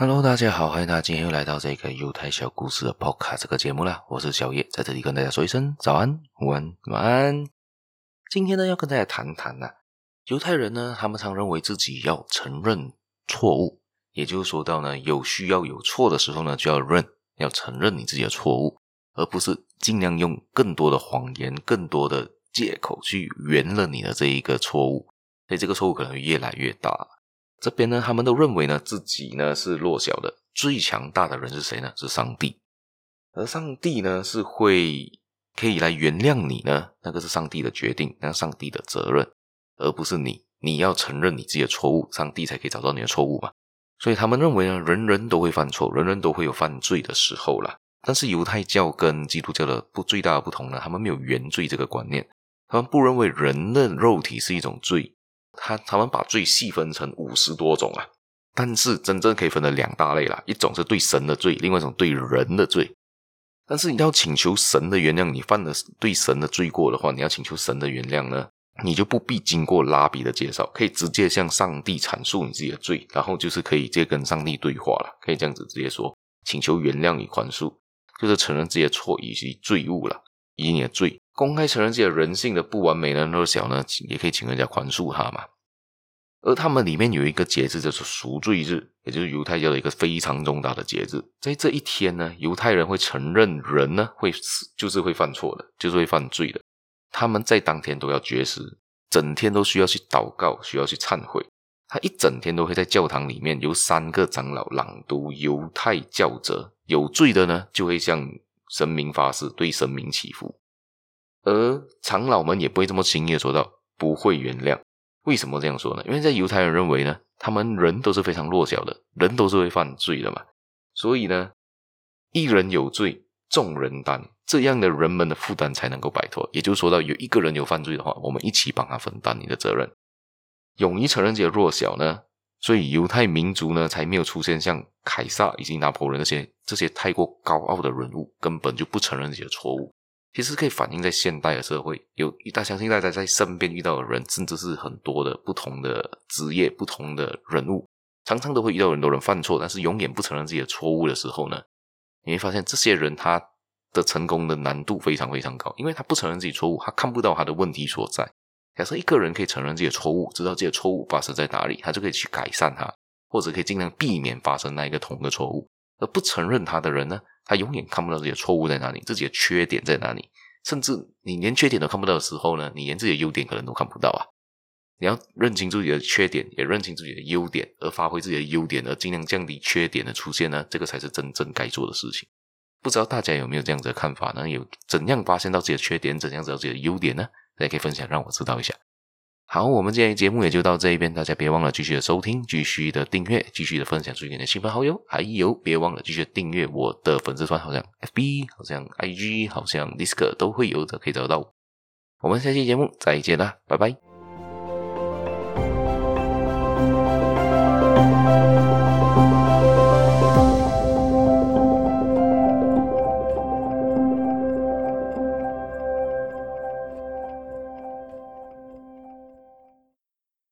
哈嘍，Hello, 大家好，歡迎大家今天又來到這個猶太小故事的 Podcast 這個節目啦。我是小葉，在這裡跟大家說一聲早安、午安、晚安。今天呢，要跟大家談談呢、啊，猶太人呢，他們常認為自己要承認錯誤，也就是說到呢，有需要有錯的時候呢，就要認，要承認你自己的錯誤，而不是盡量用更多的謊言、更多的借口去圓了你的這一個錯誤，所以這個錯誤可能會越來越大。這邊呢，他們都認為呢，自己呢是弱小的，最強大的人是誰呢？是上帝。而上帝呢，是會可以來原諒你呢？那個是上帝的決定，那上帝的責任，而不是你。你要承認你自己的錯誤，上帝才可以找到你的錯誤嘛。所以他們認為呢，人人都會犯錯，人人都會有犯罪的時候啦。但是猶太教跟基督教的不最大的不同呢，他們沒有原罪這個觀念，他們不認為人的肉體是一種罪。他他們把罪細分成五十多種啊，但是真正可以分成兩大類啦，一種是對神的罪，另外一種對人的罪。但是你要請求神的原諒，你犯了對神的罪過的話，你要請求神的原諒呢，你就不必經過拉比的介紹，可以直接向上帝闡述你自己的罪，然後就是可以直接跟上帝對話了，可以這樣子直接說，請求原諒與寬恕，就是承認自己的錯以及罪惡了，一定的罪，公開承認自己的人性的不完美呢，弱、那個、小呢，也可以請人家寬恕他嘛。而他們裡面有一個節日，就是贖罪日，也就是猶太教的一個非常重大的節日。在這一天呢，猶太人會承認人呢，會死，就是會犯錯的，就是會犯罪的。他們在當天都要絕食，整天都需要去禱告，需要去懺悔。他一整天都會在教堂裡面由三個長老朗讀猶太教則，有罪的呢，就會向神明發誓，對神明祈福。而長老們也不會這麼輕易的做到，不會原諒。為什麼這樣說呢？因為在猶太人認為呢，他們人都是非常弱小的，人都是會犯罪的嘛，所以呢，一人有罪，眾人擔，這樣的人們的負擔才能夠擺脫。也就是說，到有一個人有犯罪的話，我們一起幫他分擔你的責任。勇於承認自己的弱小呢，所以猶太民族呢，才沒有出現像凱撒以及拿破崙那些這些太過高傲的人物，根本就不承認自己的錯誤。其實可以反映在現代的社會，有一大相信大家在身邊遇到的人，甚至是很多的不同的職業、不同的人物，常常都會遇到很多人犯錯，但是永遠不承認自己的錯誤的時候呢，你會發現這些人他的成功的難度非常非常高，因為他不承認自己錯誤，他看不到他的問題所在。假設一個人可以承認自己的錯誤，知道自己的錯誤發生在哪裡，他就可以去改善他，或者可以盡量避免發生那一個同一個錯誤。而不承認他的人呢？他永遠看不到自己的錯誤在哪裡，自己的缺點在哪裡。甚至你連缺點都看不到的時候呢，你連自己的優點可能都看不到啊。你要認清自己的缺點，也認清自己的優點，而發揮自己的優點，而儘量降低缺點的出現呢，這個才是真正該做的事情。不知道大家有沒有這樣子的看法呢？有怎樣發現到自己的缺點，怎樣知道自己的優點呢？大家可以分享，讓我知道一下。好，我們今天的節目也就到這一邊，大家別忘了繼續的收聽，繼續的訂閱，繼續的分享出去給你的親朋好友，還有別忘了繼續訂閱我的粉絲團，好像 FB，好像 IG，好像 Discord 都會有的，可以找得到。我們下期節目再見啦，拜拜。